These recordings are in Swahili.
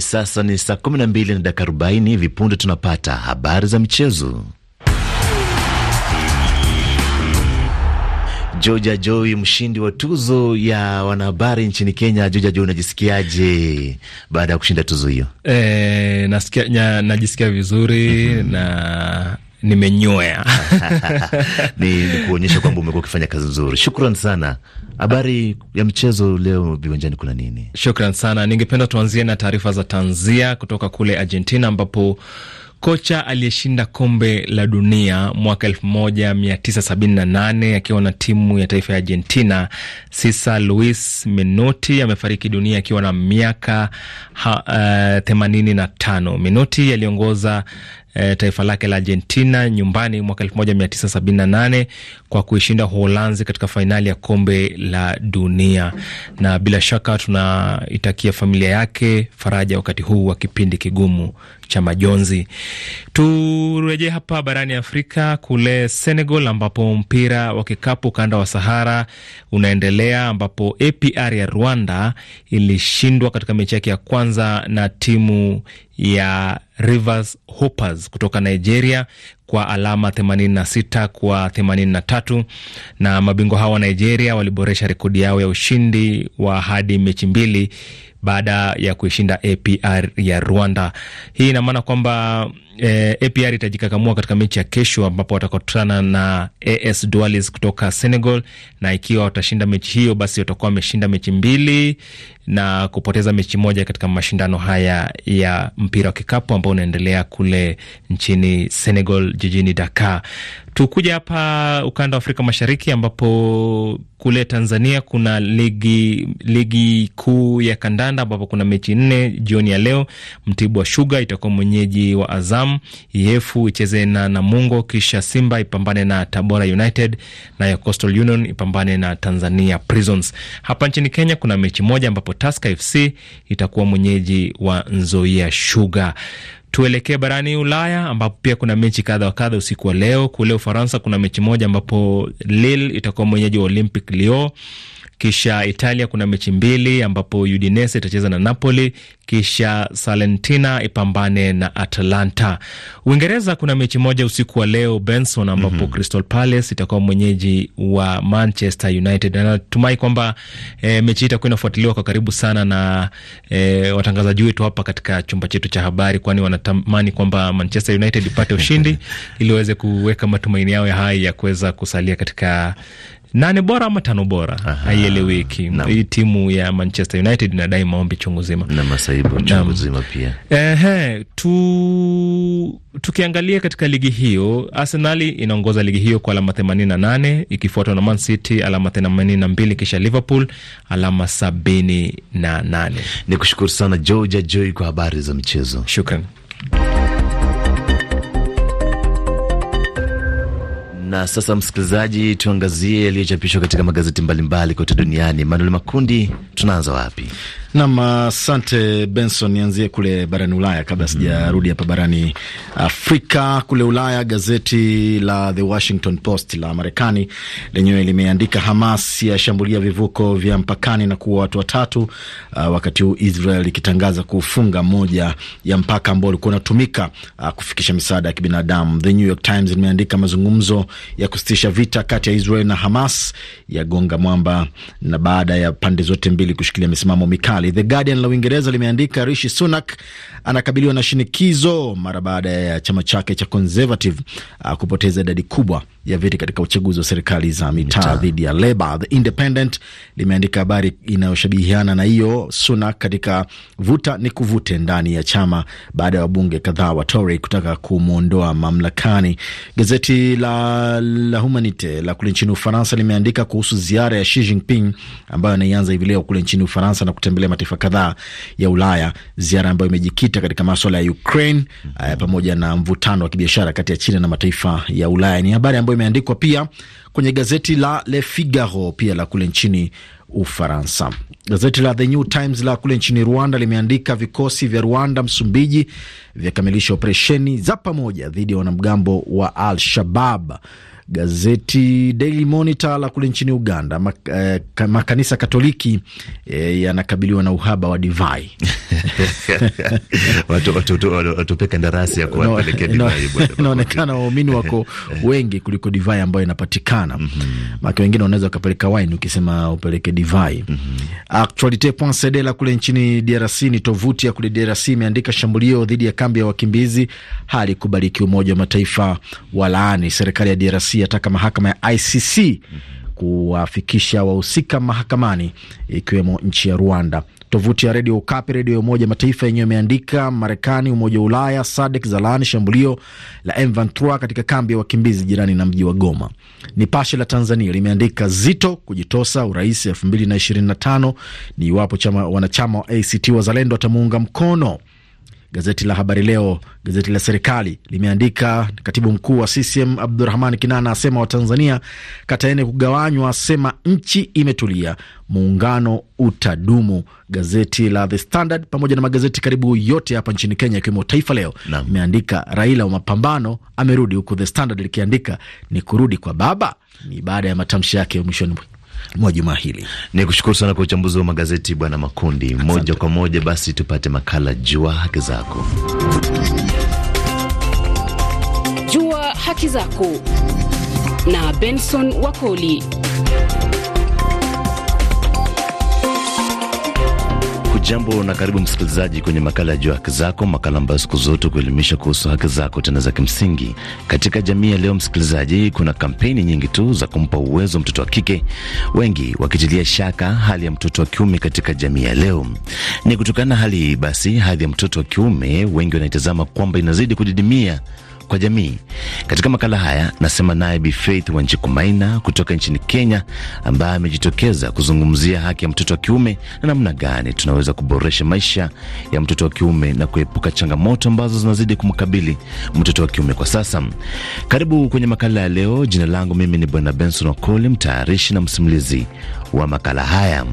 Hivi sasa ni saa 12 na dakika 40. Hivi punde tunapata habari za michezo. Joja Joi, mshindi wa tuzo ya wanahabari nchini Kenya. Joja Joy, unajisikiaje baada ya kushinda tuzo hiyo? E, najisikia vizuri mm -hmm. na nimenyoya ni, ni kuonyesha kwamba umekuwa ukifanya kazi nzuri. Shukran sana. Habari ya mchezo leo viwanjani kuna nini? Shukran sana. Ningependa tuanzie na taarifa za tanzia kutoka kule Argentina ambapo kocha aliyeshinda kombe la dunia mwaka 1978 akiwa na timu ya taifa ya Argentina, Cesar Luis Menotti amefariki dunia akiwa na miaka 85. Uh, eh, Menotti aliongoza e, taifa lake la Argentina nyumbani mwaka 1978 kwa kuishinda Uholanzi katika fainali ya kombe la dunia, na bila shaka tunaitakia familia yake faraja wakati huu wa kipindi kigumu cha majonzi. Turejee hapa barani Afrika, kule Senegal ambapo mpira wa kikapu kanda wa Sahara unaendelea ambapo APR ya Rwanda ilishindwa katika mechi yake ya kwanza na timu ya Rivers Hoppers kutoka Nigeria kwa alama 86 kwa 83, na mabingwa hawa wa Nigeria waliboresha rekodi yao ya ushindi wa hadi mechi mbili baada ya kuishinda APR ya Rwanda. Hii ina maana kwamba eh, APR itajikakamua katika mechi ya kesho ambapo watakutana na AS Dualis kutoka Senegal, na ikiwa watashinda mechi hiyo, basi watakuwa wameshinda mechi mbili na kupoteza mechi moja katika mashindano haya ya mpira wa kikapu ambao unaendelea kule nchini Senegal, jijini Dakar. Tukuja hapa ukanda wa Afrika Mashariki, ambapo kule Tanzania kuna ligi ligi kuu ya kandanda ambapo kuna mechi nne jioni ya leo. Mtibwa shuga itakuwa mwenyeji wa Azam, Yefu icheze na Namungo, kisha Simba ipambane na Tabora United, nayo Coastal Union ipambane na Tanzania Prisons. Hapa nchini Kenya kuna mechi moja ambapo Tusker FC itakuwa mwenyeji wa Nzoia shuga Tuelekee barani Ulaya ambapo pia kuna mechi kadha wa kadha usiku wa leo. Kule Ufaransa kuna mechi moja ambapo Lille itakuwa mwenyeji wa Olympic Lyon. Kisha Italia kuna mechi mbili ambapo Udinese itacheza na Napoli, kisha Salentina ipambane na Atalanta. Uingereza kuna mechi moja usiku wa leo Benson, ambapo mm -hmm. Crystal Palace itakuwa mwenyeji wa Manchester United, na natumai kwamba e, mechi hii itakuwa inafuatiliwa kwa karibu sana na e, watangazaji wetu hapa katika chumba chetu cha habari, kwani wanatamani kwamba Manchester United ipate ushindi ili waweze kuweka matumaini yao ya hai ya kuweza kusalia katika nane bora ama tano bora, haieleweki. Hii timu ya Manchester United inadai maombi chungu zima na masaibu chungu zima pia. Ehe, tu tukiangalia katika ligi hiyo, Arsenali inaongoza ligi hiyo kwa alama 88 ikifuatwa na Man City alama 82, kisha Liverpool alama 78. kushukuru sana Georgia Joy kwa habari za michezo, shukran. Na sasa, msikilizaji, tuangazie yaliyochapishwa katika magazeti mbalimbali kote duniani. Manuel Makundi, tunaanza wapi? Nam, asante Benson. Nianzie kule barani Ulaya kabla mm, sijarudi hapa barani Afrika. Kule Ulaya, gazeti la The Washington Post la Marekani lenyewe limeandika Hamas yashambulia vivuko vya mpakani na kuua watu watatu, uh, wakati huu Israel ikitangaza kufunga moja ya mpaka ambao ulikuwa unatumika uh, kufikisha misaada ya kibinadamu. The New York Times limeandika mazungumzo ya kusitisha vita kati ya Israel na Hamas yagonga mwamba na baada ya pande zote mbili kushikilia misimamo mikali serikali. The Guardian la Uingereza limeandika Rishi Sunak anakabiliwa na shinikizo mara baada ya chama chake cha Conservative ah, kupoteza idadi kubwa ya viti katika uchaguzi wa serikali za mitaa dhidi ya Leba. The Independent limeandika habari inayoshabihiana na hiyo, Suna katika vuta ni kuvute ndani ya chama baada ya wabunge kadhaa wa Tory kutaka kumwondoa mamlakani. Gazeti la la Humanite la kule nchini Ufaransa limeandika kuhusu ziara ya Xi Jinping ambayo anaianza hivi leo kule nchini Ufaransa na kutembelea mataifa kadhaa ya Ulaya, ziara ambayo imejikita katika maswala ya Ukraine mm -hmm. pamoja na mvutano wa kibiashara kati ya China na mataifa ya Ulaya. Ni habari ambayo imeandikwa pia kwenye gazeti la Le Figaro pia la kule nchini Ufaransa. Gazeti la The New Times la kule nchini Rwanda limeandika vikosi vya Rwanda, Msumbiji vyakamilisha operesheni za pamoja dhidi ya wanamgambo wa Al Shabab. Gazeti Daily Monitor la kule nchini Uganda, mak eh, makanisa Katoliki eh, yanakabiliwa na uhaba wa divai watupeka ndarasi ya kuwapelekea divai. Inaonekana waumini wako wengi kuliko divai ambayo inapatikana mm -hmm. Maki wengine wanaweza wakapeleka wine ukisema upeleke divai mm -hmm. Actualite.cd la kule nchini DRC ni tovuti ya kule DRC imeandika shambulio dhidi ya kambi ya wakimbizi hali kubariki. Umoja wa Mataifa walaani serikali ya DRC yataka mahakama ya ICC kuwafikisha wahusika mahakamani ikiwemo nchi ya Rwanda. Tovuti ya redio Ukapi, redio ya Umoja Mataifa yenyewe imeandika Marekani, Umoja wa Ulaya, SADC zalaani shambulio la M23 katika kambi ya wakimbizi jirani na mji wa Goma. Nipashe la Tanzania limeandika Zito kujitosa urais 2025 ni iwapo wanachama wa ACT Wazalendo watamuunga mkono. Gazeti la Habari Leo, gazeti la serikali limeandika, katibu mkuu wa CCM Abdurahman Kinana asema Watanzania kataene kugawanywa, asema nchi imetulia, muungano utadumu. Gazeti la The Standard pamoja na magazeti karibu yote hapa nchini Kenya ikiwemo Taifa Leo imeandika Raila wa mapambano amerudi, huku The Standard likiandika ni kurudi kwa baba, ni baada ya matamshi yake mwishoni mwa juma hili. Ni kushukuru sana kwa uchambuzi wa magazeti Bwana Makundi. Asante. Moja kwa moja basi tupate makala Jua Haki Zako. Jua Haki Zako na Benson Wakoli. Hujambo na karibu msikilizaji kwenye makala ya juu ya haki zako, makala ambayo siku zote kuelimisha kuhusu haki zako tena za kimsingi katika jamii ya leo. Msikilizaji, kuna kampeni nyingi tu za kumpa uwezo mtoto wa kike, wengi wakitilia shaka hali ya mtoto wa kiume katika jamii ya leo. Ni kutokana na hali hii basi, hadhi ya mtoto wa kiume wengi wanaitazama kwamba inazidi kudidimia kwa jamii. Katika makala haya nasema naye Bi Faith Wanjikumaina kutoka nchini Kenya, ambaye amejitokeza kuzungumzia haki ya mtoto wa kiume na namna gani tunaweza kuboresha maisha ya mtoto wa kiume na kuepuka changamoto ambazo zinazidi kumkabili mtoto wa kiume kwa sasa. Karibu kwenye makala ya leo. Jina langu mimi ni Bwana Benson Okoli, mtayarishi na msimulizi wa makala haya.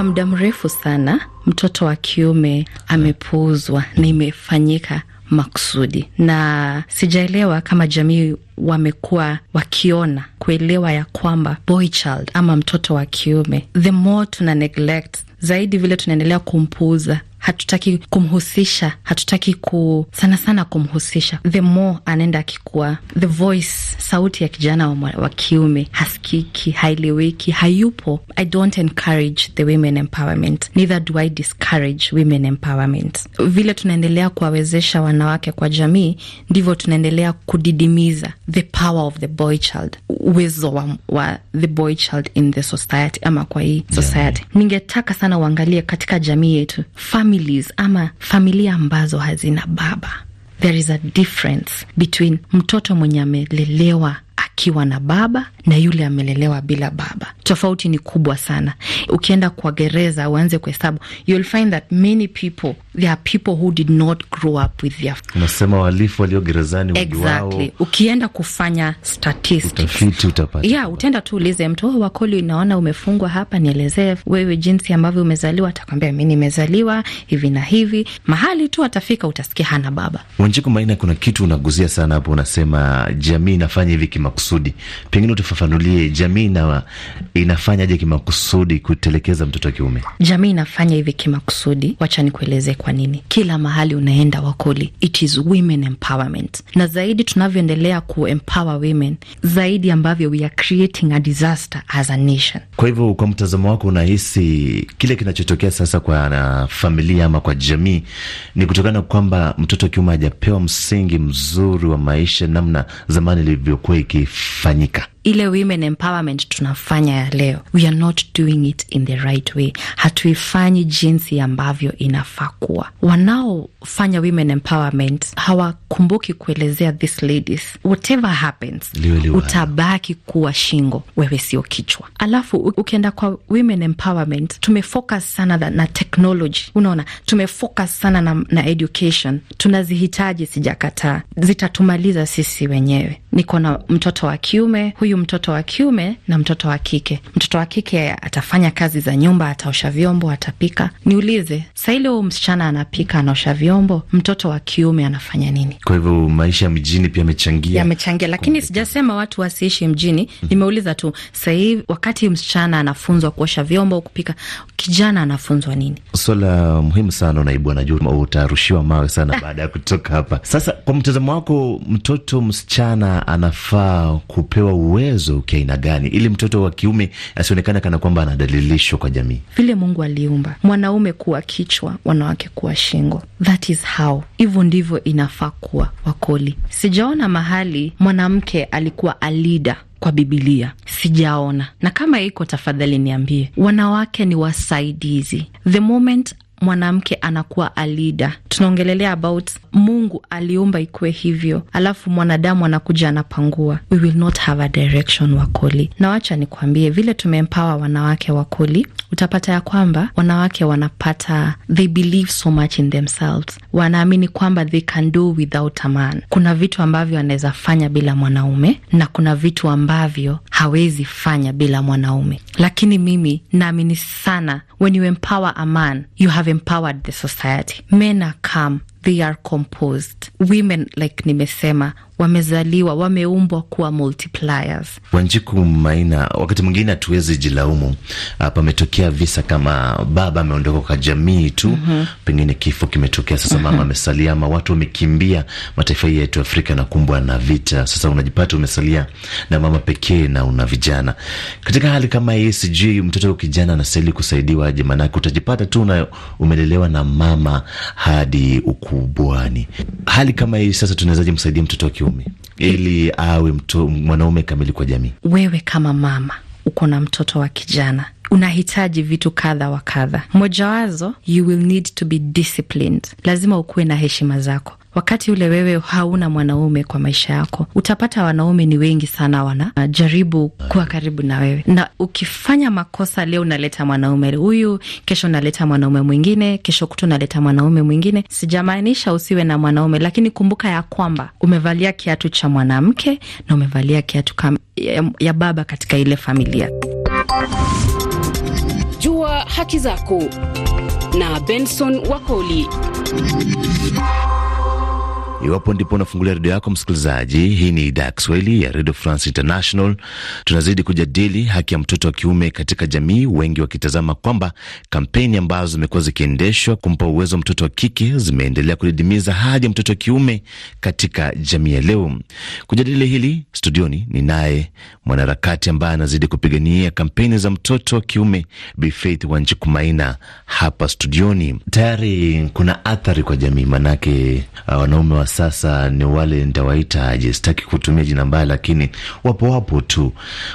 Kwa muda mrefu sana mtoto wa kiume amepuuzwa na imefanyika makusudi, na sijaelewa kama jamii wamekuwa wakiona kuelewa ya kwamba boy child ama mtoto wa kiume, the more tuna neglect zaidi vile tunaendelea kumpuuza hatutaki kumhusisha, hatutaki ku sana sana kumhusisha. The more anaenda akikuwa, the voice, sauti ya kijana wa, wa kiume hasikiki, haileweki, hayupo. I don't encourage the women empowerment, neither do I discourage women empowerment. Vile tunaendelea kuwawezesha wanawake kwa jamii, ndivyo tunaendelea kudidimiza the power of the boy child, uwezo wa, wa the boy child in the society ama kwa hii society. Ningetaka sana sana uangalie katika jamii yetu families ama familia ambazo hazina baba. There is a difference between mtoto mwenye amelelewa akiwa na baba na yule amelelewa bila baba. Tofauti ni kubwa sana. Ukienda kwa gereza uanze kuhesabu, you'll find that many people there are people who did not grow up with their unasema walifu walio gerezani. Exactly, ukienda kufanya statistics utapata, yeah, utaenda tu ulize mtu oh, Wakoli, naona umefungwa hapa, nielezee wewe jinsi ambavyo umezaliwa. Atakwambia mi nimezaliwa hivi na hivi. Mahali tu atafika utasikia hana baba. Wanjiku Maina, kuna kitu unaguzia sana hapo, unasema jamii inafanya hivi kimakusudi, pengine tufafanulie jamii na inafanyaje kimakusudi kutelekeza mtoto wa kiume? Jamii inafanya hivi kimakusudi, wacha nikueleze kwa nini. Kila mahali unaenda Wakoli, it is women empowerment, na zaidi tunavyoendelea ku empower women zaidi, ambavyo we are creating a disaster as a nation. Kwa hivyo, kwa mtazamo wako, unahisi kile kinachotokea sasa kwa na familia ama kwa jamii ni kutokana kwamba mtoto wa kiume hajapewa msingi mzuri wa maisha namna zamani ilivyokuwa ikifanyika? ile women empowerment tunafanya ya leo, we are not doing it in the right way. Hatuifanyi jinsi ambavyo inafaa kuwa. Wanaofanya women empowerment hawakumbuki kuelezea these ladies, whatever happens, utabaki kuwa shingo, wewe sio kichwa. Alafu ukienda kwa women empowerment, tumefocus sana na technology, unaona, tumefocus sana na, na education. Tunazihitaji, sijakataa, zitatumaliza sisi wenyewe. Niko na mtoto wa kiume huyu huyu mtoto wa kiume na mtoto wa kike. Mtoto wa kike atafanya kazi za nyumba, ataosha vyombo, atapika. Niulize saile, huyu msichana anapika, anaosha vyombo, mtoto wa kiume anafanya nini? Kwa hivyo maisha ya mjini pia yamechangia, yamechangia, lakini sijasema watu wasiishi mjini. Nimeuliza tu sahii, wakati msichana anafunzwa kuosha vyombo kupika, kijana anafunzwa nini? Swala muhimu sana, unaibu, anajua utarushiwa mawe sana ah. baada ya kutoka hapa. Sasa kwa mtazamo wako, mtoto msichana anafaa kupewa uwe uwezo kiaina gani, ili mtoto wa kiume asionekane kana kwamba anadalilishwa kwa jamii. Vile Mungu aliumba mwanaume kuwa kichwa, wanawake kuwa shingo. That is how, hivyo ndivyo inafaa kuwa. Wakoli, sijaona mahali mwanamke alikuwa alida kwa Bibilia sijaona, na kama iko tafadhali niambie. Wanawake ni wasaidizi. The moment mwanamke anakuwa alida Tunaongelelea about Mungu aliumba ikuwe hivyo, alafu mwanadamu anakuja anapangua. We will not have a direction, Wakoli. Na wacha nikuambie vile tumempawa wanawake Wakoli, utapata ya kwamba wanawake wanapata, they believe so much in themselves, wanaamini kwamba they can do without a man. Kuna vitu ambavyo anaweza fanya bila mwanaume na kuna vitu ambavyo hawezi fanya bila mwanaume, lakini mimi naamini sana when you empower a man, you have empowered the society. Men are calm, they are composed. Women like nimesema wamezaliwa wameumbwa kuwa multipliers. Wanjiku Maina, wakati mwingine hatuwezi jilaumu. Ah, pametokea visa kama baba ameondoka kwa jamii tu, mm -hmm. pengine kifo kimetokea, sasa mama mm -hmm. amesalia, ama watu wamekimbia mataifa yetu Afrika nakumbwa na vita, sasa unajipata umesalia na mama pekee na una vijana. Katika hali kama hii, sijui mtoto kijana anastahili kusaidiwa aje? Maanake utajipata tu na umelelewa na mama hadi ukubwani. Hali kama hii sasa, tunawezaje msaidia mtoto akiwa mwanaume ili awe mtu, mwanaume kamili kwa jamii. Wewe kama mama uko na mtoto wa kijana unahitaji vitu kadha wa kadha. Mojawazo, you will need to be disciplined. Lazima ukuwe na heshima zako wakati ule wewe hauna mwanaume kwa maisha yako, utapata wanaume ni wengi sana wanajaribu uh, kuwa karibu na wewe, na ukifanya makosa leo unaleta mwanaume huyu, kesho unaleta mwanaume mwingine, kesho kutu unaleta mwanaume mwingine. Sijamaanisha usiwe na mwanaume, lakini kumbuka ya kwamba umevalia kiatu cha mwanamke na umevalia kiatu ya, ya baba katika ile familia. Jua haki zako na Benson Wakoli. Iwapo ndipo unafungulia redio yako msikilizaji, hii ni idhaa ya Kiswahili ya Radio France International. Tunazidi kujadili haki ya mtoto wa kiume katika jamii, wengi wakitazama kwamba kampeni ambazo zimekuwa zikiendeshwa kumpa uwezo mtoto wa kike zimeendelea kudidimiza haja ya mtoto wa kiume katika jamii ya leo. Kujadili hili studioni ni naye mwanaharakati ambaye anazidi kupigania kampeni za mtoto wa kiume, Bi Faith Wanjikumaina hapa studioni. Tayari kuna athari kwa jamii, maanake uh, wanaume wa sasa ni wale nitawaitaje, sitaki kutumia jina mbaya, lakini wapo wapo tu.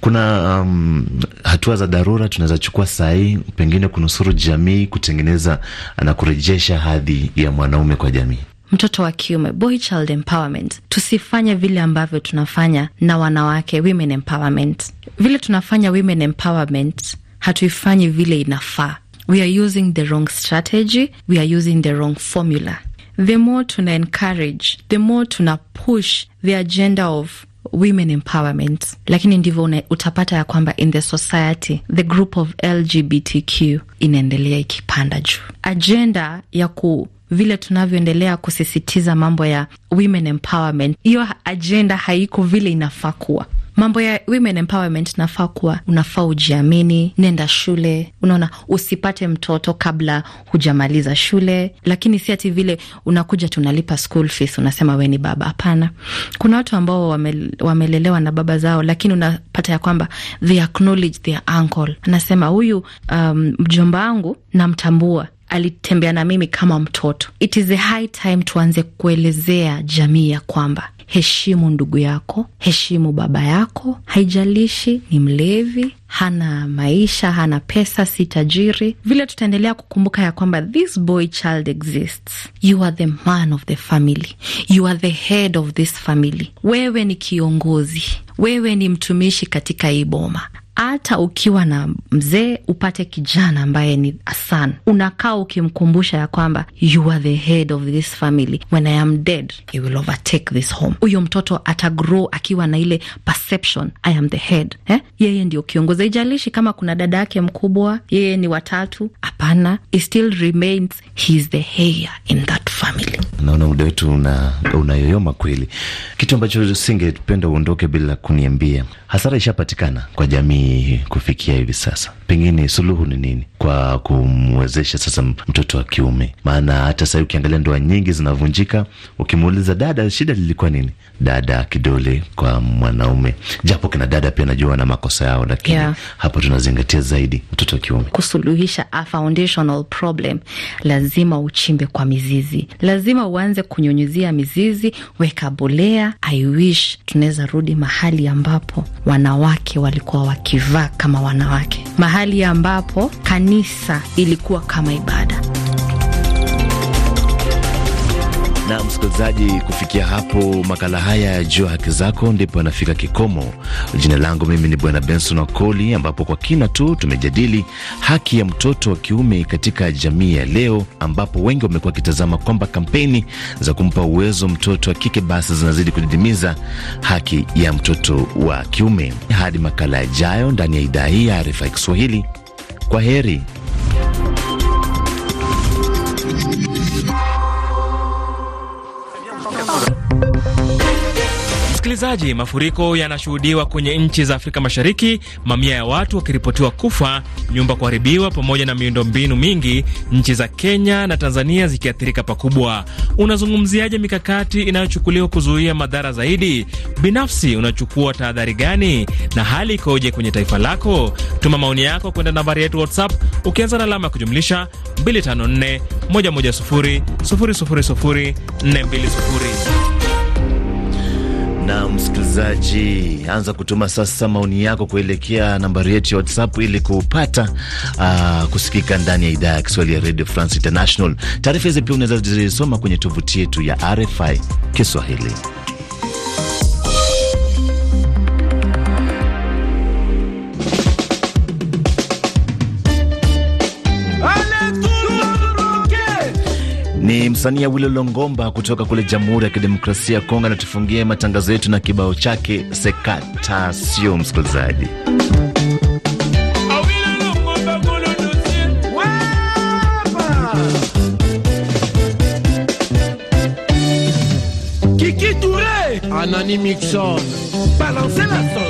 Kuna um, hatua za dharura tunaweza chukua sahii pengine kunusuru jamii, kutengeneza na kurejesha hadhi ya mwanaume kwa jamii mtoto wa kiume, boy child empowerment. Tusifanye vile ambavyo tunafanya na wanawake, women empowerment. Vile tunafanya women empowerment, hatuifanyi vile inafaa. We are using the wrong strategy, we are using the wrong formula the more tuna encourage, the more tuna push the agenda of women empowerment, lakini ndivyo utapata ya kwamba in the society the group of LGBTQ inaendelea ikipanda juu. Ajenda ya ku vile tunavyoendelea kusisitiza mambo ya women empowerment, hiyo ajenda haiko vile inafaa kuwa mambo ya women empowerment, nafaa kuwa unafaa ujiamini, nenda shule. Unaona, usipate mtoto kabla hujamaliza shule, lakini si ati vile unakuja tunalipa school fees, unasema we ni baba. Hapana, kuna watu ambao wame, wamelelewa na baba zao, lakini unapata ya kwamba they acknowledge their uncle, anasema huyu um, mjomba wangu namtambua alitembea na mimi kama mtoto. It is a high time tuanze kuelezea jamii ya kwamba heshimu ndugu yako, heshimu baba yako, haijalishi ni mlevi, hana maisha, hana pesa, si tajiri. Vile tutaendelea kukumbuka ya kwamba this boy child exists. You are the man of the family, you are the head of this family. Wewe ni kiongozi, wewe ni mtumishi katika hii boma hata ukiwa na mzee upate kijana ambaye ni asan, unakaa ukimkumbusha ya kwamba you are the head of this family, when I am dead you will overtake this home. Huyo mtoto atagrow akiwa na ile perception I am the head eh? Yeye ndio kiongozi, haijalishi kama kuna dada yake mkubwa, yeye ni watatu, hapana, he still remains he is the heir in that family. Naona muda wetu una unayoyoma kweli, kitu ambacho singependa uondoke bila kuniambia, hasara ishapatikana kwa jamii kufikia hivi sasa, pengine suluhu ni nini? kwa kumwezesha sasa mtoto wa kiume. Maana hata sahii ukiangalia ndoa nyingi zinavunjika, ukimuuliza dada, shida lilikuwa nini? Dada kidole kwa mwanaume, japo kina dada pia najua na makosa yao, lakini yeah, hapo tunazingatia zaidi mtoto wa kiume. Kusuluhisha a foundational problem, lazima uchimbe kwa mizizi, lazima uanze kunyunyuzia mizizi, weka bolea. I wish tunaweza rudi mahali ambapo wanawake walikuwa wakivaa kama wanawake, mahali ambapo kani kanisa ilikuwa kama ibada. Na msikilizaji, kufikia hapo makala haya ya Jua Haki Zako ndipo yanafika kikomo. Jina langu mimi ni Bwana Benson Wakoli, ambapo kwa kina tu tumejadili haki ya mtoto wa kiume katika jamii ya leo, ambapo wengi wamekuwa wakitazama kwamba kampeni za kumpa uwezo mtoto wa kike basi zinazidi kudidimiza haki ya mtoto wa kiume. Hadi makala yajayo ndani ya idhaa hii ya Arifa ya Kiswahili. Kwa heri. Msikilizaji, mafuriko yanashuhudiwa kwenye nchi za Afrika Mashariki, mamia ya watu wakiripotiwa kufa, nyumba kuharibiwa, pamoja na miundombinu mingi, nchi za Kenya na Tanzania zikiathirika pakubwa. Unazungumziaje mikakati inayochukuliwa kuzuia madhara zaidi? Binafsi unachukua tahadhari gani, na hali ikoje kwenye taifa lako? Tuma maoni yako kwenda nambari yetu WhatsApp ukianza na alama ya kujumlisha 254 110 000 420 na msikilizaji, anza kutuma sasa maoni yako kuelekea nambari yetu ya WhatsApp ili kupata uh, kusikika ndani ya idhaa ya Kiswahili ya Radio France International. Taarifa hizi pia unaweza zisoma kwenye tovuti yetu ya RFI Kiswahili. Ni msanii Awilo Longomba kutoka kule Jamhuri ya Kidemokrasia ya Kongo, anatufungia matangazo yetu na kibao chake sekata. Sio msikilizaji Kiki Anani Mixon balance la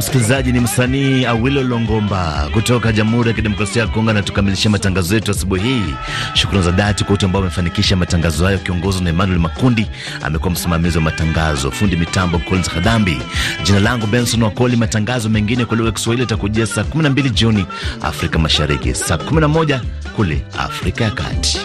msikilizaji ni msanii Awilo Longomba kutoka Jamhuri ya Kidemokrasia ya Kongo, anatukamilisha matangazo yetu asubuhi hii. Shukrani za dhati kwa wote ambao wamefanikisha matangazo hayo, Kiongozi na Emmanuel Makundi, amekuwa msimamizi wa matangazo, fundi mitambo Collins Kadambi. Jina langu Benson Wakoli. Matangazo mengine kwa lugha ya Kiswahili atakujia saa 12 jioni Afrika Mashariki, saa 11 kule Afrika ya Kati.